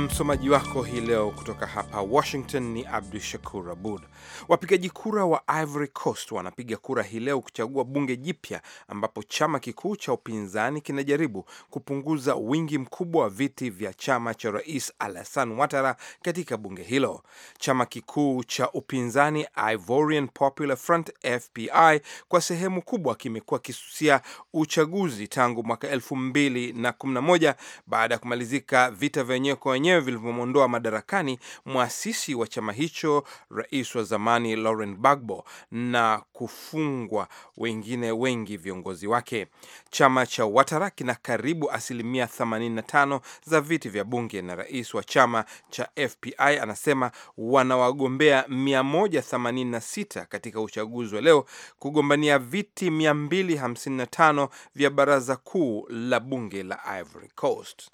Msomaji wako hii leo kutoka hapa Washington ni Abdu Shakur Abud. Wapigaji kura wa Ivory Coast wanapiga kura hii leo kuchagua bunge jipya, ambapo chama kikuu cha upinzani kinajaribu kupunguza wingi mkubwa wa viti vya chama cha rais Alassane Ouattara katika bunge hilo. Chama kikuu cha upinzani Ivorian Popular Front FPI kwa sehemu kubwa kimekuwa kisusia uchaguzi tangu mwaka 2011 baada ya kumalizika vita wenyewe kwa wenyewe vyenyewe vilivyomwondoa madarakani mwasisi wa chama hicho, rais wa zamani Laurent Gbagbo, na kufungwa wengine wengi viongozi wake. Chama cha Watara kina karibu asilimia 85 za viti vya bunge, na rais wa chama cha FPI anasema wanawagombea 186 katika uchaguzi wa leo kugombania viti 255 vya baraza kuu la bunge la Ivory Coast.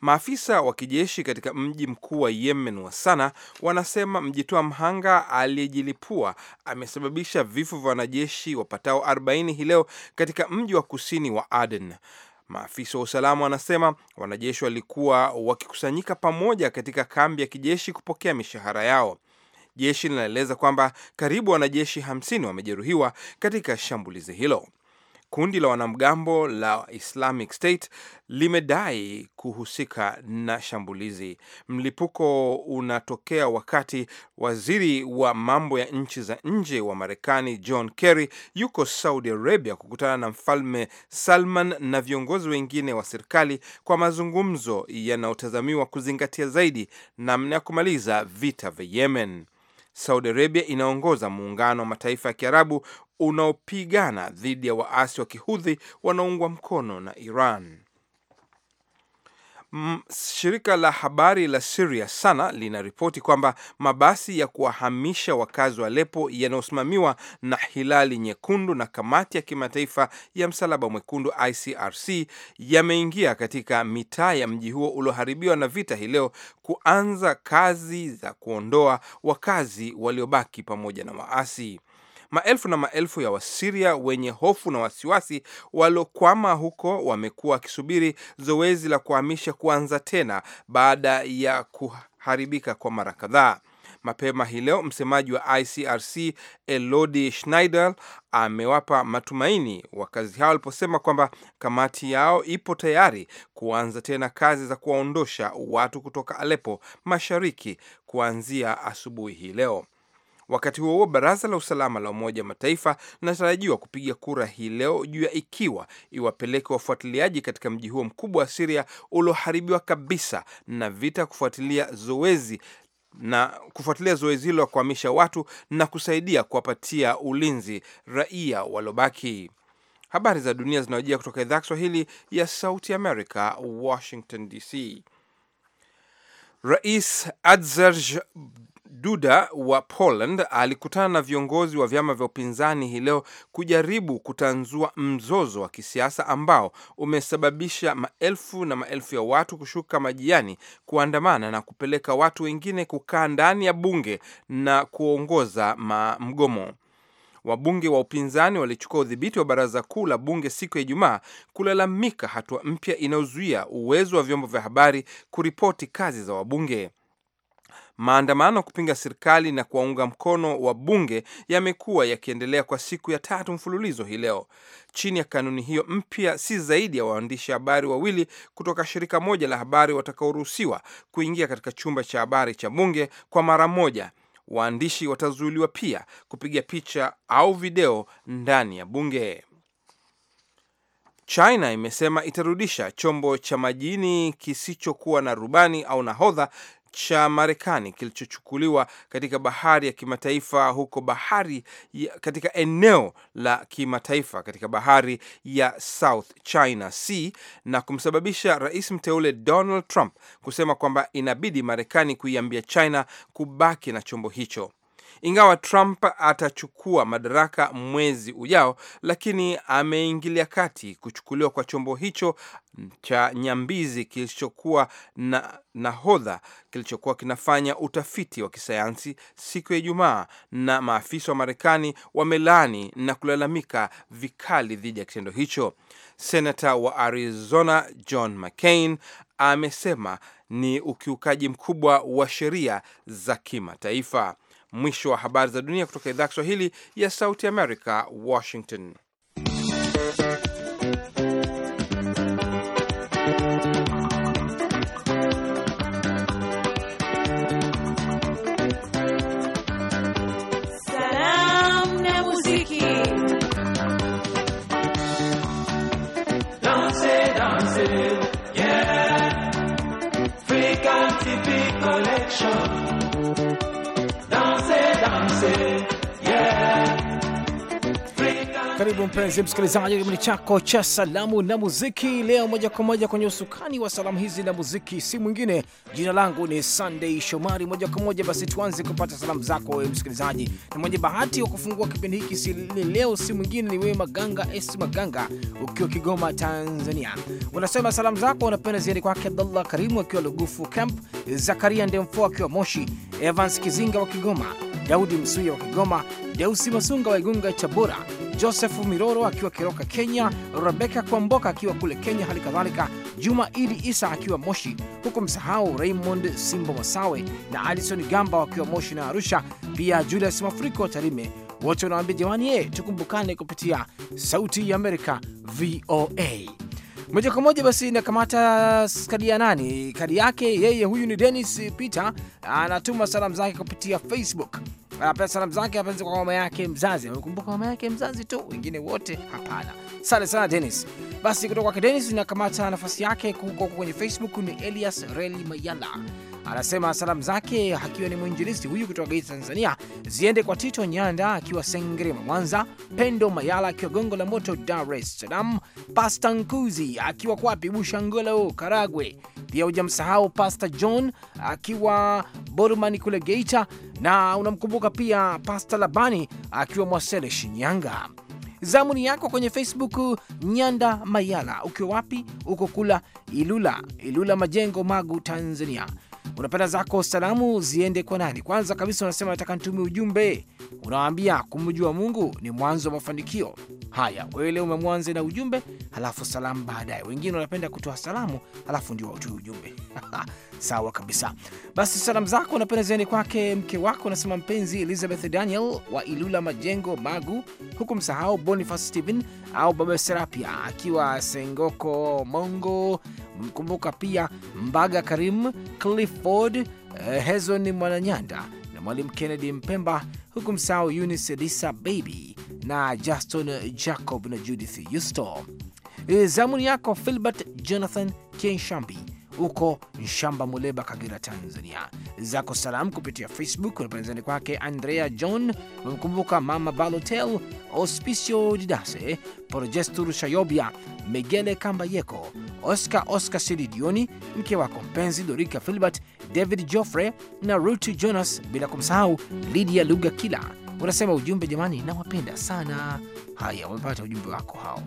Maafisa wa kijeshi katika mji mkuu wa Yemen wa Sana wanasema mjitoa mhanga aliyejilipua amesababisha vifo vya wanajeshi wapatao 40 hii leo katika mji wa kusini wa Aden. Maafisa wa usalama wanasema wanajeshi walikuwa wakikusanyika pamoja katika kambi ya kijeshi kupokea mishahara yao. Jeshi linaeleza kwamba karibu wanajeshi 50 wamejeruhiwa katika shambulizi hilo. Kundi la wanamgambo la Islamic State limedai kuhusika na shambulizi. Mlipuko unatokea wakati waziri wa mambo ya nchi za nje wa Marekani John Kerry yuko Saudi Arabia kukutana na Mfalme Salman na viongozi wengine wa serikali kwa mazungumzo yanayotazamiwa kuzingatia zaidi namna ya kumaliza vita vya Yemen. Saudi Arabia inaongoza muungano wa mataifa ya Kiarabu unaopigana dhidi ya waasi wa kihudhi wanaoungwa mkono na Iran. Shirika la habari la Siria Sana linaripoti kwamba mabasi ya kuwahamisha wakazi wa lepo yanayosimamiwa na Hilali Nyekundu na Kamati ya Kimataifa ya Msalaba Mwekundu ICRC yameingia katika mitaa ya mji huo ulioharibiwa na vita hii leo kuanza kazi za kuondoa wakazi waliobaki pamoja na waasi. Maelfu na maelfu ya Wasiria wenye hofu na wasiwasi waliokwama huko wamekuwa wakisubiri zoezi la kuhamisha kuanza tena baada ya kuharibika kwa mara kadhaa. Mapema hii leo msemaji wa ICRC Elodie Schneider amewapa matumaini wakazi hao waliposema kwamba kamati yao ipo tayari kuanza tena kazi za kuwaondosha watu kutoka Aleppo mashariki kuanzia asubuhi hii leo. Wakati huo huo, baraza la usalama la Umoja wa Mataifa linatarajiwa kupiga kura hii leo juu ya ikiwa iwapeleke wafuatiliaji katika mji huo mkubwa wa Siria ulioharibiwa kabisa na vita, kufuatilia zoezi na kufuatilia zoezi hilo la kuhamisha watu na kusaidia kuwapatia ulinzi raia waliobaki. Habari za dunia zinawajia kutoka idhaa Kiswahili ya Sauti America, Washington DC. Rais Adzerj Duda wa Poland alikutana na viongozi wa vyama vya upinzani hii leo kujaribu kutanzua mzozo wa kisiasa ambao umesababisha maelfu na maelfu ya watu kushuka majiani kuandamana na kupeleka watu wengine kukaa ndani ya bunge na kuongoza mgomo. Wabunge wa upinzani walichukua udhibiti wa baraza kuu la bunge siku ya Ijumaa kulalamika hatua mpya inayozuia uwezo wa vyombo vya habari kuripoti kazi za wabunge. Maandamano kupinga serikali na kuwaunga mkono wa bunge yamekuwa yakiendelea kwa siku ya tatu mfululizo hii leo. Chini ya kanuni hiyo mpya, si zaidi ya waandishi habari wawili kutoka shirika moja la habari watakaoruhusiwa kuingia katika chumba cha habari cha bunge kwa mara moja. Waandishi watazuiliwa pia kupiga picha au video ndani ya bunge. China imesema itarudisha chombo cha majini kisichokuwa na rubani au nahodha cha Marekani kilichochukuliwa katika bahari ya kimataifa huko bahari ya, katika eneo la kimataifa katika bahari ya South China Sea na kumsababisha rais mteule Donald Trump kusema kwamba inabidi Marekani kuiambia China kubaki na chombo hicho. Ingawa Trump atachukua madaraka mwezi ujao, lakini ameingilia kati kuchukuliwa kwa chombo hicho cha nyambizi kilichokuwa na nahodha kilichokuwa kinafanya utafiti wa kisayansi siku ya Ijumaa, na maafisa wa Marekani wamelaani na kulalamika vikali dhidi ya kitendo hicho. Senata wa Arizona John McCain amesema ni ukiukaji mkubwa wa sheria za kimataifa. Mwisho wa habari za dunia kutoka idhaa ya Kiswahili ya Sauti America, Washington. karibu mpenzi msikilizaji, kipindi chako cha salamu na muziki leo, moja kwa moja kwenye usukani wa salamu hizi na muziki, si mwingine jina langu ni Sunday Shomari. Moja kwa moja basi tuanze kupata salamu zako wewe msikilizaji, na mwenye bahati wa kufungua kipindi hiki si leo, si mwingine ni wewe Maganga S Maganga, ukiwa Kigoma, Tanzania. Unasema salamu zako unapenda ziende kwake Abdullah Karimu akiwa Lugufu Camp, Zakaria Ndemfo akiwa Moshi, Evans Kizinga wa Kigoma, Daudi Msuya wa Kigoma, Deusi Masunga wa Igunga Tabora Joseph Miroro akiwa Kiroka, Kenya, Rebeka Kwamboka akiwa kule Kenya, hali kadhalika Juma Idi Isa akiwa Moshi, huku msahau Raymond Simbo Masawe na Alison Gamba wakiwa Moshi na Arusha, pia Julius Mafuriko Tarime, wote wanawambia jamani, ye eh, tukumbukane kupitia Sauti ya Amerika VOA moja kwa moja. Basi nakamata kadi ya nani? Kadi yake yeye, huyu ni denis Peter, anatuma salamu zake kupitia Facebook anapea salamu zake apenzi kwa mama yake mzazi, amekumbuka mama yake mzazi tu, wengine wote hapana. Asante sana Denis. Basi kutoka kwake Denis inakamata nafasi yake huko kwenye Facebook. Ni Elias Reli Mayala anasema salamu zake akiwa ni mwinjilisti huyu kutoka Geita, Tanzania, ziende kwa Tito Nyanda akiwa Sengerema Mwanza, Pendo Mayala akiwa Gongo la Moto, Dar es Salaam, Pasta Nkuzi akiwa kwapi Bushangolo, Karagwe. Pia hujamsahau Pasta John akiwa Borumani kule Geita, na unamkumbuka pia Pasta Labani akiwa Mwasele, Shinyanga. Zamuni yako kwenye Facebook, Nyanda Mayala, ukiwa wapi? Uko kula Ilula, Ilula Majengo, Magu, Tanzania unapenda zako salamu ziende kwa nani? Kwanza kabisa unasema nataka nitumie ujumbe, unawaambia kumjua Mungu ni mwanzo wa mafanikio. Haya, wewe leo umemwanza na ujumbe, halafu salamu baadaye. Wengine wanapenda kutoa salamu, halafu ndio watoe ujumbe sawa kabisa. Basi salamu zako unapenda ziende kwake mke wako, unasema mpenzi Elizabeth Daniel wa Ilula Majengo Magu, huku msahau Boniface Stephen au baba Serapia akiwa Sengoko Mongo, mkumbuka pia Mbaga Karim Cliff Ford, Hezon eh, Mwananyanda na Mwalimu Kennedy Mpemba, huku msahau Eunice Lisa Baby na Justin Jacob na Judith Yusto. Eh, Zamuni yako Filbert Jonathan Kenshambi huko Nshamba, Muleba, Kagera, Tanzania. Zako salam kupitia Facebook unapendezani kwake Andrea John, umemkumbuka Mama Balotel, Ospicio Didase, Projestur Shayobia, Megele Kambayeko, Oscar Oscar Silidioni, mke wako mpenzi Dorika Filbert, David Joffrey na Ruth Jonas, bila kumsahau Lydia Luga Kila. Unasema ujumbe, jamani, nawapenda sana. Haya, wamepata ujumbe wako hao.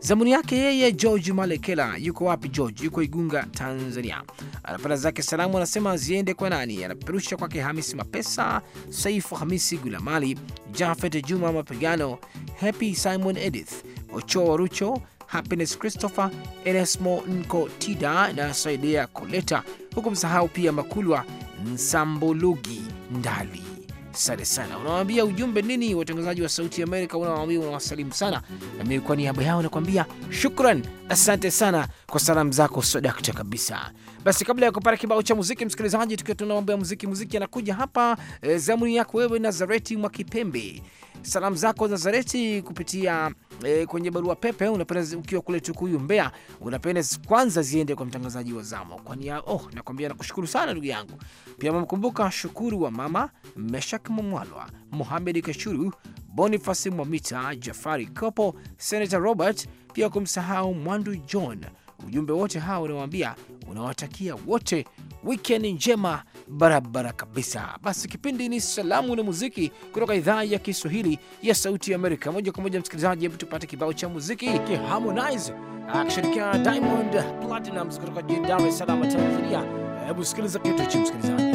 Zamuni yake yeye George Malekela. Yuko wapi George? Yuko Igunga, Tanzania. Anapata zake salamu, anasema ziende kwa nani? Anapeperusha kwake Hamisi Mapesa, Saifu Hamisi Gulamali, Jafet Juma Mapigano, Happy Simon, Edith Ocho Warucho, Happiness Christopher, Enesmo Nkotida na Saidia Koleta, huku msahau pia Makulwa Nsambolugi Ndali. Asante sana. Unawaambia ujumbe nini watangazaji wa Sauti Amerika? Unawaambia unawasalimu sana, na mimi kwa niaba yao nakwambia shukran, asante sana kwa salamu zako sodakta kabisa. Basi kabla ya kupata kibao cha muziki, msikilizaji, tukiwa tuna mambo ya muziki, muziki anakuja hapa. E, zamuni yako wewe Nazareti Mwakipembe, salamu zako Nazareti kupitia e, kwenye barua pepe unapenda ukiwa kule Tukuyu Mbeya, unapenda kwanza ziende kwa mtangazaji wa zamu. Kwa nia oh, nakwambia nakushukuru sana ndugu yangu. Pia mamkumbuka Shukuru wa mama Meshak Mumwalwa, Mohamed Kashuru, Boniface Mwamita, Jafari Kopo, Senator Robert, pia kumsahau Mwandu John. Ujumbe wote hao unawaambia unawatakia wote wikendi njema barabara kabisa. Basi kipindi ni salamu na muziki kutoka idhaa ya Kiswahili ya Sauti ya Amerika. Moja kwa moja, msikilizaji, hebu tupate kibao cha muziki ki Harmonize akishirikiana na Diamond Platnumz kutoka jijini Dar es Salaam, Tanzania. Hebu sikiliza kitu hichi msikilizaji.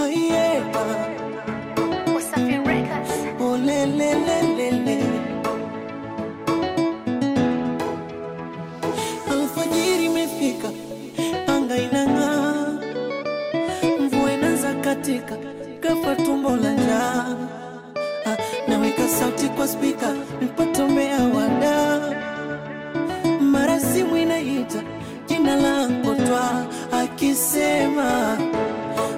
Oh yeah. spika nipotomea wada mara simu inaita jina langu twa akisema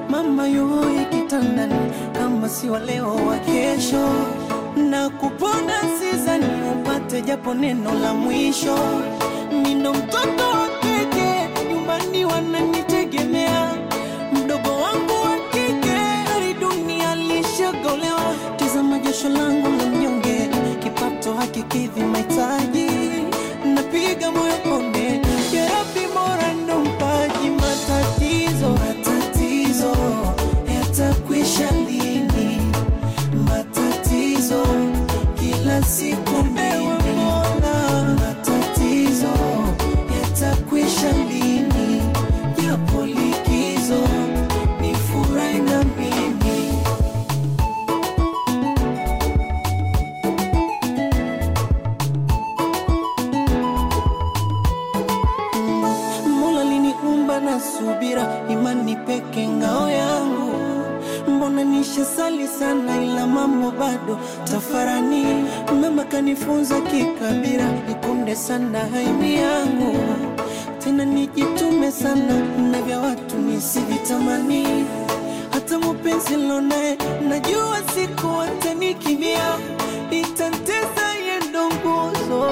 mama yuhi kitandani kama si wa wa kesho na kupona sizani upate japo neno la mwisho nino mtoto piga moyo barabarani, mama kanifunza kikabira nikunde sana haini yangu tena, nijitume sana na vya watu nisivitamani, hata mupenzi lonaye najua siku watanikimia, itantesa yendo nguzo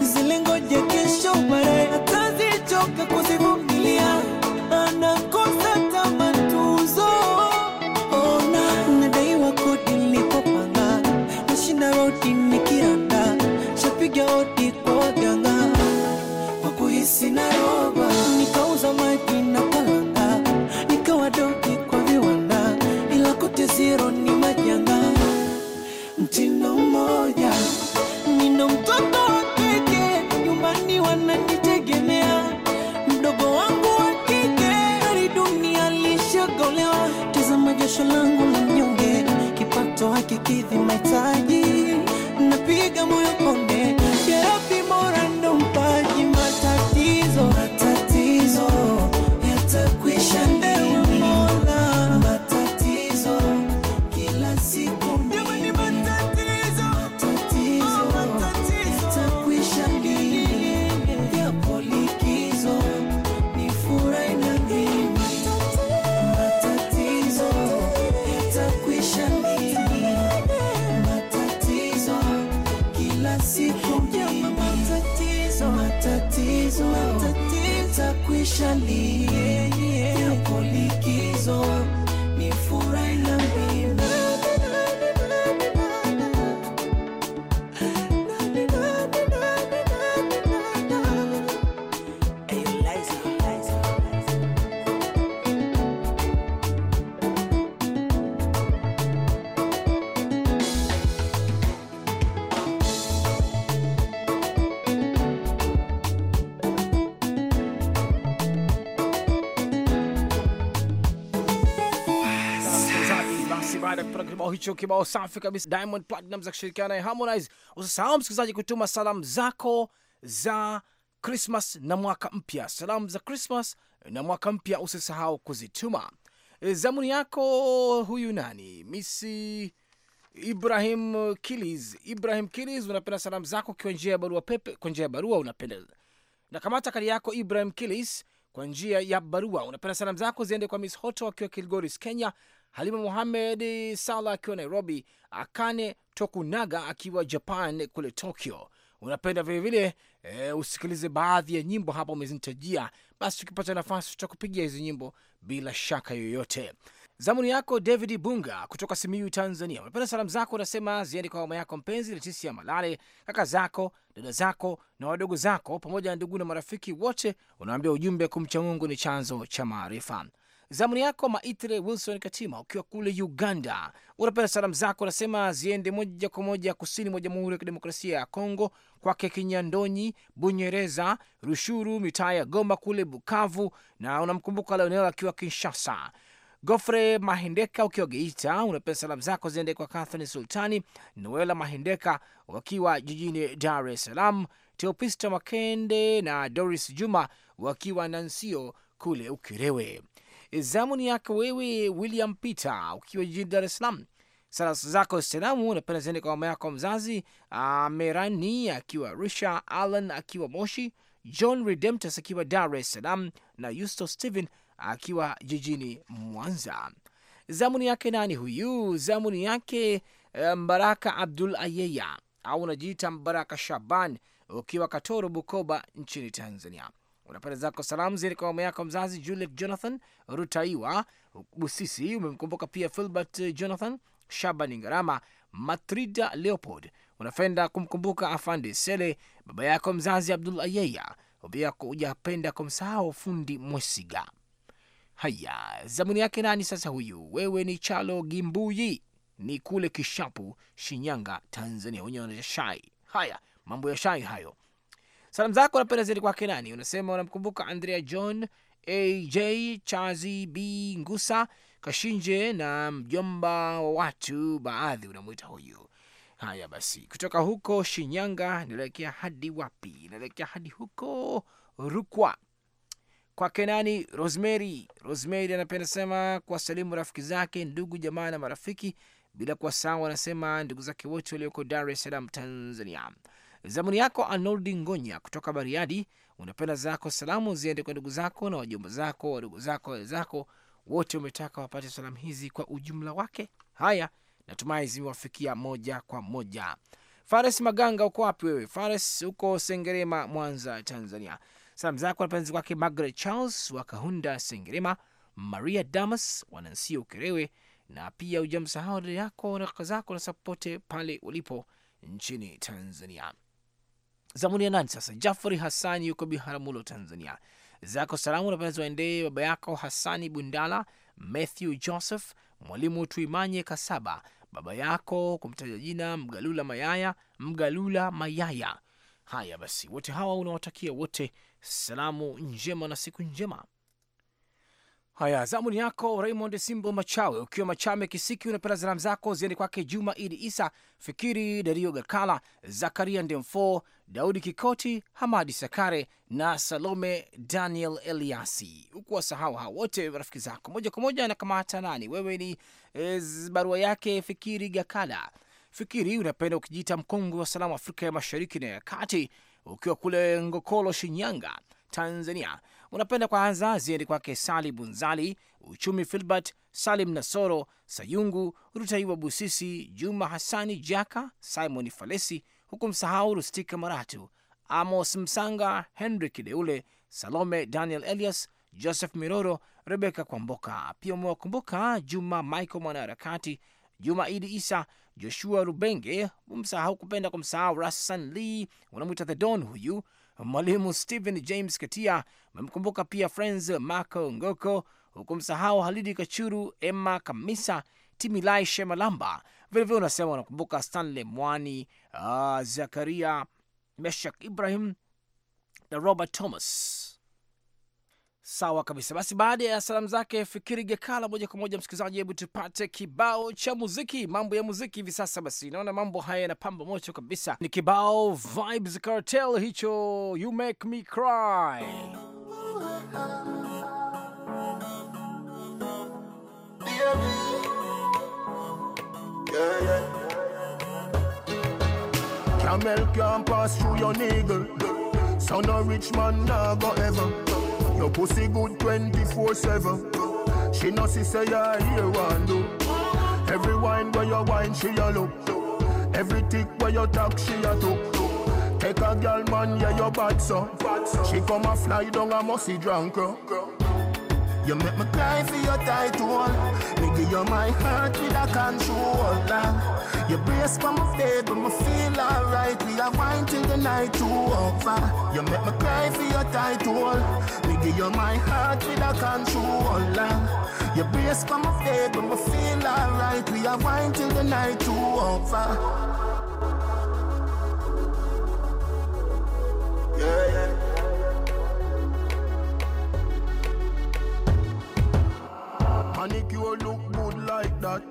zile, kesho baadaye atazichoka kuondolewa. Tazama jasho langu la mnyonge, kipato hakikidhi mahitaji, napiga moyo konde kibao hicho, kibao safi kabisa, Diamond Platinum za kushirikiana naye Harmonize. Usisahau msikilizaji, kutuma salamu zako za Christmas na mwaka mpya, salamu za Christmas na mwaka mpya usisahau kuzituma. E, zamuni yako huyu nani, misi Ibrahim Kilis, Ibrahim Kilis, unapenda salamu zako kwa njia ya barua pepe, kwa njia ya barua unapenda na kamata kadi yako Ibrahim Kilis kwa njia ya barua unapenda salamu zako ziende kwa Miss Hoto akiwa Kilgoris, Kenya. Halima Muhamed Sala akiwa Nairobi, Akane Tokunaga akiwa Japan kule Tokyo. Unapenda vilevile e, eh, usikilize baadhi ya nyimbo hapa umezinitajia. Basi ukipata nafasi, tutakupigia hizi nyimbo bila shaka yoyote. Zamuni yako David Bunga kutoka Simiyu, Tanzania. Unapenda salamu zako unasema ziende kwa mama yako mpenzi Letisia Malale, kaka zako, dada zako na wadogo zako, pamoja na ndugu na marafiki wote. Unaambia ujumbe, kumcha Mungu ni chanzo cha maarifa. Zamuni yako Maitre Wilson Katima, ukiwa kule Uganda, unapenda salamu zako unasema ziende moja kwa moja kusini mwa Jamhuri ya Kidemokrasia ya Kongo, kwake Kinyandonyi, Bunyereza, Rushuru, mitaa ya Goma kule Bukavu, na unamkumbuka Leonel akiwa Kinshasa. Gofre Mahendeka ukiwa Geita, unapenda salamu zako ziende kwa Catherine Sultani, Noela Mahendeka wakiwa jijini Dar es Salaam, Teopista Makende na Doris Juma wakiwa Nansio kule Ukerewe. Zamu ni yako wewe, William Peter, ukiwa jijini Dar es Salaam. zako salamu napenda ziende kwa mama yako mzazi ah, Merani akiwa Arusha, Alan akiwa Moshi, John Redemptus akiwa Dar es Salaam na Yusto Steven akiwa jijini Mwanza. Zamuni yake nani huyu? Zamuni yake eh, Mbaraka Abdul Ayeya au unajiita Mbaraka Shaban ukiwa Katoro, Bukoba nchini Tanzania. Unapata zako salamu ziende kwa mama yako mzazi Juliet Jonathan Rutaiwa Busisi, umemkumbuka pia Filbert eh, Jonathan Shabani Ngarama, Matrida Leopold, unapenda kumkumbuka Afandi Sele, baba yako mzazi Abdul Ayeya, pia hujapenda kumsahau fundi Mwesiga. Haya, zamuni yake nani sasa? Huyu wewe ni Chalo Gimbuyi, ni kule Kishapu, Shinyanga, Tanzania. Wenyewe wanaita shai. Haya, mambo ya shai hayo. Salamu zako napenda zaidi kwake nani? Unasema unamkumbuka Andrea John, AJ Chazi, B Ngusa Kashinje na mjomba wa watu baadhi, unamwita huyu. Haya basi, kutoka huko Shinyanga naelekea hadi wapi? Naelekea hadi huko Rukwa kwake nani? Rosemary. Rosemary anapenda sema kuwasalimu rafiki zake, ndugu jamaa na marafiki bila kuwa anasema ndugu zake wote walioko Dar es Salaam, Tanzania. Zamuni yako Arnoldi Ngonya kutoka Bariadi, unapenda zako salamu ziende kwa ndugu zako na wajomba zako, wadugu zako, wale zako wote, umetaka wapate salamu hizi kwa ujumla wake. Haya, natumai zimewafikia moja kwa moja. Fares Maganga, uko wapi wewe? Fares uko Sengerema, Mwanza, Tanzania. Salamu zako napenzi kwake Margaret Charles wa Kahunda, Sengerema, Maria Damas wanansia Ukerewe, na pia ujamsahau dada yako na kaka zako na sapote pale ulipo nchini Tanzania. Zamuni ya nani sasa? Jafari Hasani yuko Biharamulo, Tanzania. Zako salamu napenda ziwaendee baba yako Hasani Bundala, Matthew Joseph, Mwalimu Tuimanye Kasaba, baba yako kumtaja jina Mgalula Mayaya, Mgalula Mayaya. Haya basi, wote hawa unawatakia wote salamu njema na siku njema. Haya, zamuni yako Raymond Simbo Machawe, ukiwa Machame Kisiki, unapenda salamu zako ziende kwake Juma Idi Isa, Fikiri Dario Gakala, Zakaria Ndemfo, Daudi Kikoti, Hamadi Sakare na Salome Daniel Eliasi. Huku wasahau hao wote rafiki zako moja kwa moja na kamata nani wewe ni eh, barua yake Fikiri Gakala. Fikiri unapenda ukijiita mkongwe wa salamu Afrika ya Mashariki na ya Kati, ukiwa kule Ngokolo, Shinyanga, Tanzania. Unapenda kwanza ziende kwake Sali Bunzali, Uchumi Filbert, Salim Nasoro, Sayungu Rutaiwa, Busisi Juma Hasani, Jaka Simon Falesi huku msahau Rustika Maratu, Amos Msanga, Henry Kideule, Salome Daniel Elias, Joseph Miroro, Rebeka Kwamboka. Pia umewakumbuka Juma Michael mwanaharakati, Juma Idi Isa, Joshua Rubenge. msahau kupenda kwa msahau Rassan Lee, unamwita the Don huyu, Mwalimu Stephen James Katia. Umemkumbuka pia Friends Marco Ngoko, huku msahau Halidi Kachuru, Emma Kamisa, Timilai Shemalamba. Vilevile unasema unakumbuka Stanley Mwani uh, Zakaria Meshak Ibrahim na Robert Thomas. Sawa kabisa. Basi baada ya salamu zake Fikiri Gekala, moja kwa moja msikilizaji, hebu tupate kibao cha muziki, mambo ya muziki hivi sasa. Basi naona mambo haya yanapamba moto kabisa, ni kibao Vibes Cartel hicho, you make me cry. Yeah, yeah. Caramel can't pass through your niggle. Son a rich man nah go ever. Your pussy good 24-7. She no see say you're here one do. Every wine where you wine she a look. Every tick where you talk she a took. Take a girl man yeah you bad so. She come a fly down a musty drunk. girl. You make me cry for your title. Nigga, you're my heart with a controller. Your brace for my faith, but me feel alright. We are wine till the night to over. You make me cry for your title. Nigga, you're my heart with a controller. Your brace for my faith, but me feel alright. We are wine till the night to over. manicure look good like that.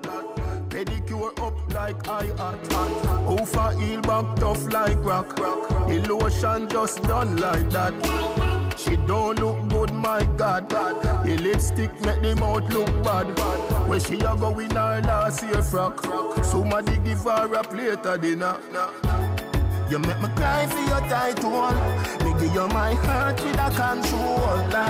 Pedicure up like I at. Over heel back tough like rock. The lotion just done like that. She don't look good, my God. The lipstick make the mouth look bad. When she a go in her last year frock, somebody give her a plate of dinner. You make me cry for your title give you're my heart with a controller.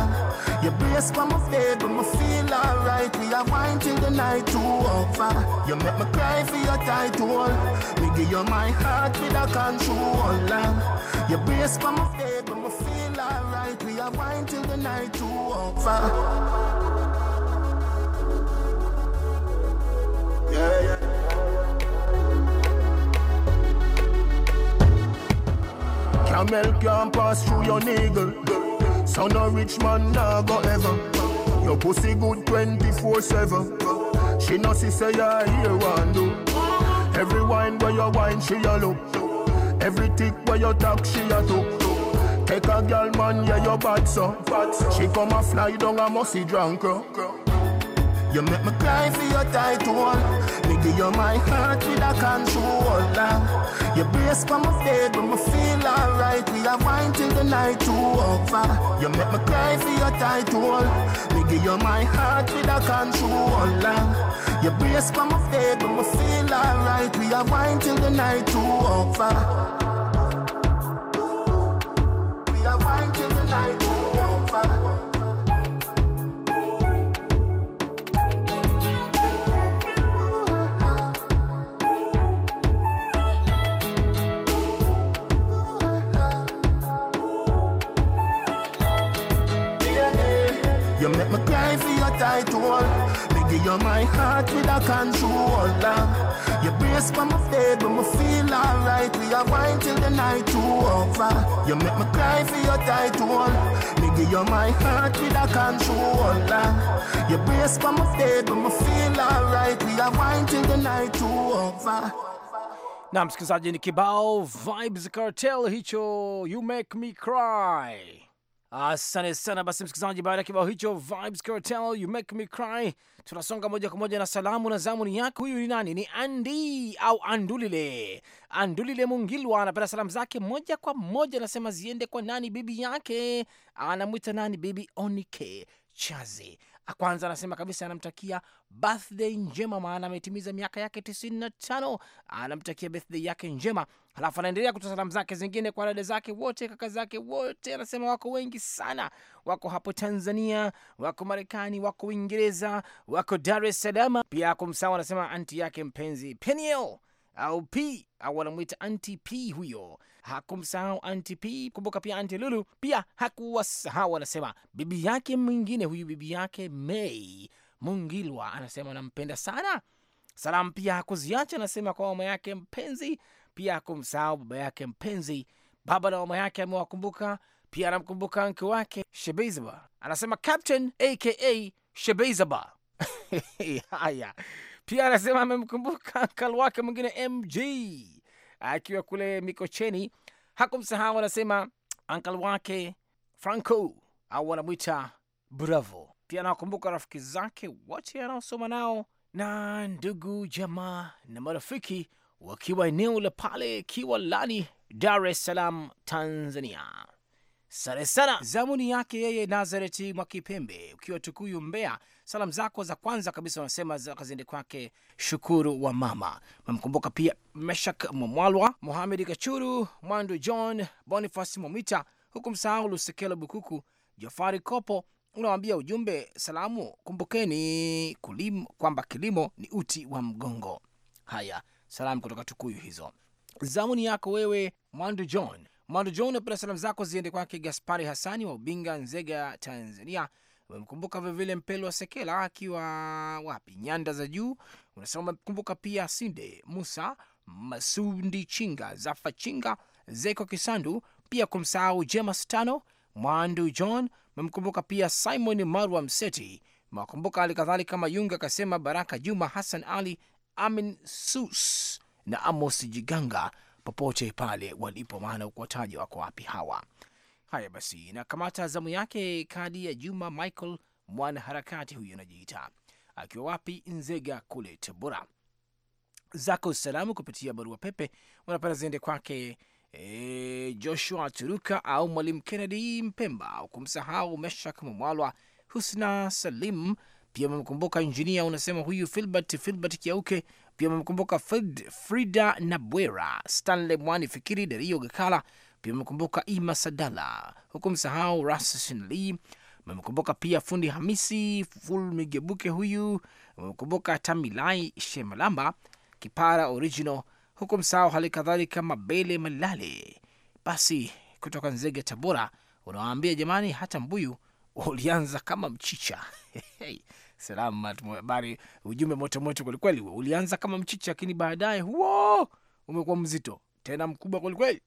Your brace for my bed, but me feel alright. We are wine till the night too over. You make me cry for your title. Nigga, you're my heart with a controller. Your brace for my bed, but me feel alright. We are wine till the night too over. Yeah, yeah. Camel can't pass through your needle. So no rich man nah go ever. Your pussy good 24-7. She knows she say I hear one do. Every wine where you wine, she a look. Every tick where you talk, she a took. Take a girl, man, yeah, you bad, so. She come a fly down a see drunk, girl. You make me cry for your title. You're my heart with a controller. Your brace for my bed when me feel alright. We are wine till the night to over. You make me cry for your title. Nigga, you're my heart with a controller. Your brace for my bed when me feel alright. We are wine till the night to over. tight hold. Nigga, you're my heart with a controller. Your brace for my bed, but me feel alright. We are wine till the night too over. You make me cry for your tight hold. Nigga, you're my heart with a controller. Your brace for my bed, but me feel alright. We are wine till the night too over. Na msikilizaji ni kibao Vibes Cartel hicho You Make Me Cry. Asante sana. Basi msikilizaji, baada ya kibao hicho Vibes Cartel, you make me cry, tunasonga moja kwa moja na salamu na zamuni yako. Huyu ni nani? Ni Andi au Andulile. Andulile Mungilwa anapenda salamu zake moja kwa moja, anasema ziende kwa nani? Bibi yake anamwita nani? Bibi Onike chazi kwanza anasema kabisa anamtakia birthday njema, maana ametimiza miaka yake tisini na tano. Anamtakia birthday yake njema, halafu anaendelea kutoa salamu zake zingine kwa dada zake wote, kaka zake wote. Anasema wako wengi sana, wako hapo Tanzania, wako Marekani, wako Uingereza, wako Dar es Salaam. Pia kumsawa, anasema anti yake mpenzi Peniel au P au wanamwita anti P huyo hakumsahau anti P, kumbuka pia anti Lulu pia hakuwasahau, anasema bibi yake mwingine, huyu bibi yake mei Mungilwa, anasema anampenda sana. Salamu pia hakuziacha, anasema kwa mama yake mpenzi, pia hakumsahau baba yake mpenzi. Baba na mama yake amewakumbuka pia, anamkumbuka mke wake Shebeizaba, anasema Captain aka Shebeizaba. Haya, pia anasema amemkumbuka nkal wake mwingine mg akiwa kule Mikocheni. Hakumsahau, anasema ankal wake Franco au wanamwita Bravo. Pia anawakumbuka rafiki zake wote anaosoma nao na ndugu jamaa na marafiki wakiwa eneo la pale Kiwalani, Dar es Salaam, Tanzania. Sare sana zamuni yake yeye Nazareti Mwakipembe ukiwa Tukuyu, Mbeya salamu zako za kwanza kabisa wanasema kaziende kwake Shukuru wa mama, mamkumbuka pia Meshak Mwamwalwa, Mohamed Kachuru, Mwandu John, Bonifas Momita, huku msahau Lusekelo Bukuku, Jofari Kopo. Unawambia ujumbe salamu, kumbukeni kwamba kilimo ni uti wa mgongo. Haya, salamu kutoka Tukuyu hizo. Zamuni yako wewe Mwandu John. Mwandu John, napenda salamu zako ziende kwake Gaspari Hasani wa Ubinga, Nzega, Tanzania. Umemkumbuka vilevile Mpelwa Sekela akiwa wapi, nyanda za juu, unasema umemkumbuka pia Sinde Musa, Masundi Chinga, Zafa Chinga, Zeko Kisandu, pia kumsahau Jema Tano Mwandu John, umemkumbuka pia Simon Marwa Mseti, makumbuka hali kadhalika Mayunga akasema Baraka Juma, Hassan Ali, Amin Sus na Amos Jiganga popote pale walipo, maana ukuwataja wako wapi hawa. Haya basi, na kamata zamu yake kadi ya Juma Michael, mwanaharakati huyu anajiita akiwa wapi, Nzega kule Tabora. Zako salamu kupitia barua pepe unapenda ziende kwake e, Joshua Turuka au Mwalimu Kennedy Mpemba, ukumsahau Meshak Mamwalwa, Husna Salim pia amemkumbuka injinia, unasema huyu Filbert Filbert Kiauke, pia amemkumbuka Frida Nabwera, Stanley Mwani Fikiri, Dario Gakala pia mmekumbuka Ima Sadala, huku msahau Rasasin Lee. Mmemkumbuka pia fundi Hamisi Ful Migebuke, huyu mmemkumbuka Tamilai Shemalamba Kipara Original, huku msahau hali kadhalika Mabele Malale. Basi kutoka Nzege, Tabora, unawaambia jamani, hata mbuyu ulianza kama mchicha. Salama, habari, ujumbe motomoto kwelikweli. Ulianza kama mchicha, lakini baadaye huo umekuwa mzito tena mkubwa kwelikweli.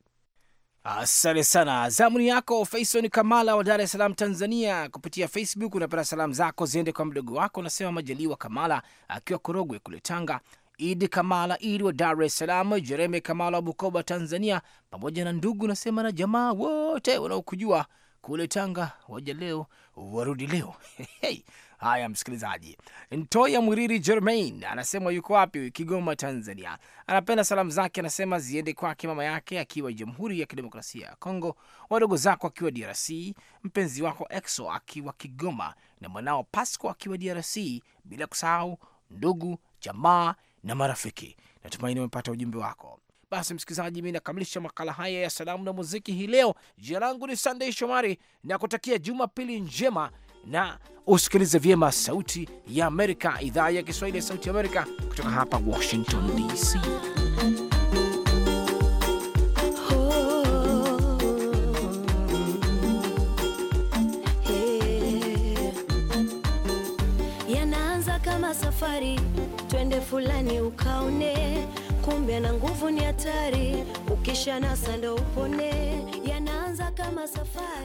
Asante sana, zamuni yako Faison Kamala wa Dar es Salaam, Tanzania. Kupitia Facebook unapata salamu zako ziende kwa mdogo wako, unasema Majaliwa Kamala akiwa Korogwe kule Tanga, Idi Kamala Idi wa Dar es Salaam, Jereme Kamala wa Bukoba, Tanzania, pamoja na ndugu unasema na jamaa wote wanaokujua kule Tanga, waja leo warudi leo. Haya msikilizaji, Ntoya Mwiriri Germain anasema yuko wapi? Kigoma, Tanzania. Anapenda salamu zake anasema ziende kwake mama yake akiwa Jamhuri ya Kidemokrasia ya Kongo, wadogo zako akiwa DRC, mpenzi wako Exo akiwa Kigoma na mwanao Pasco akiwa DRC, bila kusahau ndugu jamaa na marafiki. Natumaini umepata ujumbe wako. Basi msikilizaji, mi nakamilisha makala haya ya salamu na muziki hii leo. Jina langu ni Sandey Shomari na kutakia Jumapili njema na usikilize vyema Sauti ya Amerika, idhaa ya Kiswahili ya Sauti ya Amerika kutoka hapa Washington DC. Safari twende fulani ukaone, kumbe na nguvu ni hatari, ukisha nasa ndo upone.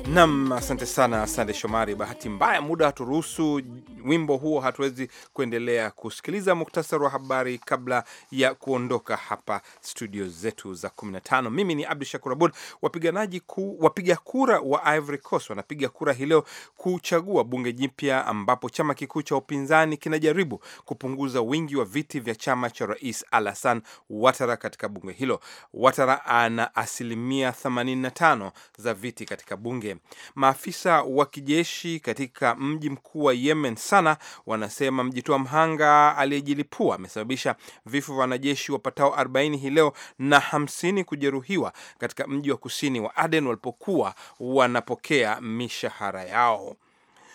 Nam, asante sana, asante Shomari. Bahati mbaya muda haturuhusu wimbo huo, hatuwezi kuendelea kusikiliza. Muktasari wa habari kabla ya kuondoka hapa studio zetu za 15. Mimi ni Abdu Shakur Abud. Wapiganaji ku, wapiga kura wa Ivory Coast wanapiga kura hii leo kuchagua bunge jipya, ambapo chama kikuu cha upinzani kinajaribu kupunguza wingi wa viti vya chama cha rais Alasan watara katika bunge hilo. Watara ana asilimia 85 za viti viti katika bunge. Maafisa wa kijeshi katika mji mkuu wa Yemen, Sana, wanasema mjitoa mhanga aliyejilipua amesababisha vifo vya wanajeshi wapatao 40 hii leo na 50 kujeruhiwa katika mji wa kusini wa Aden walipokuwa wanapokea mishahara yao.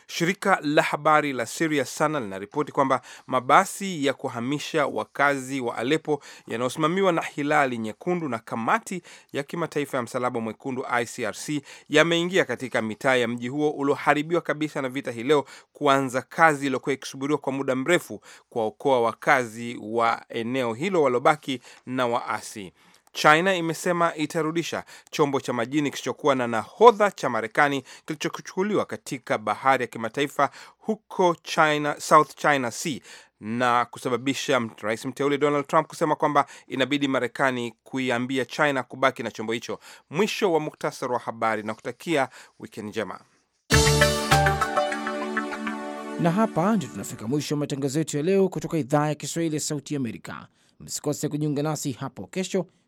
Shirika la habari la Syria Sana linaripoti kwamba mabasi ya kuhamisha wakazi wa Aleppo yanayosimamiwa na Hilali Nyekundu na Kamati ya Kimataifa ya Msalaba Mwekundu ICRC yameingia katika mitaa ya mji huo ulioharibiwa kabisa na vita hii leo, kuanza kazi iliyokuwa ikisubiriwa kwa muda mrefu kuwaokoa wakazi wa eneo hilo waliobaki na waasi. China imesema itarudisha chombo cha majini kisichokuwa na nahodha cha Marekani kilichochukuliwa katika bahari ya kimataifa huko China, South China Sea na kusababisha rais mteule Donald Trump kusema kwamba inabidi Marekani kuiambia China kubaki na chombo hicho. Mwisho wa muktasari wa habari na kutakia wikendi njema. Na hapa ndio tunafika mwisho wa matangazo yetu ya leo kutoka idhaa ya Kiswahili ya Sauti Amerika. Msikose kujiunga nasi hapo kesho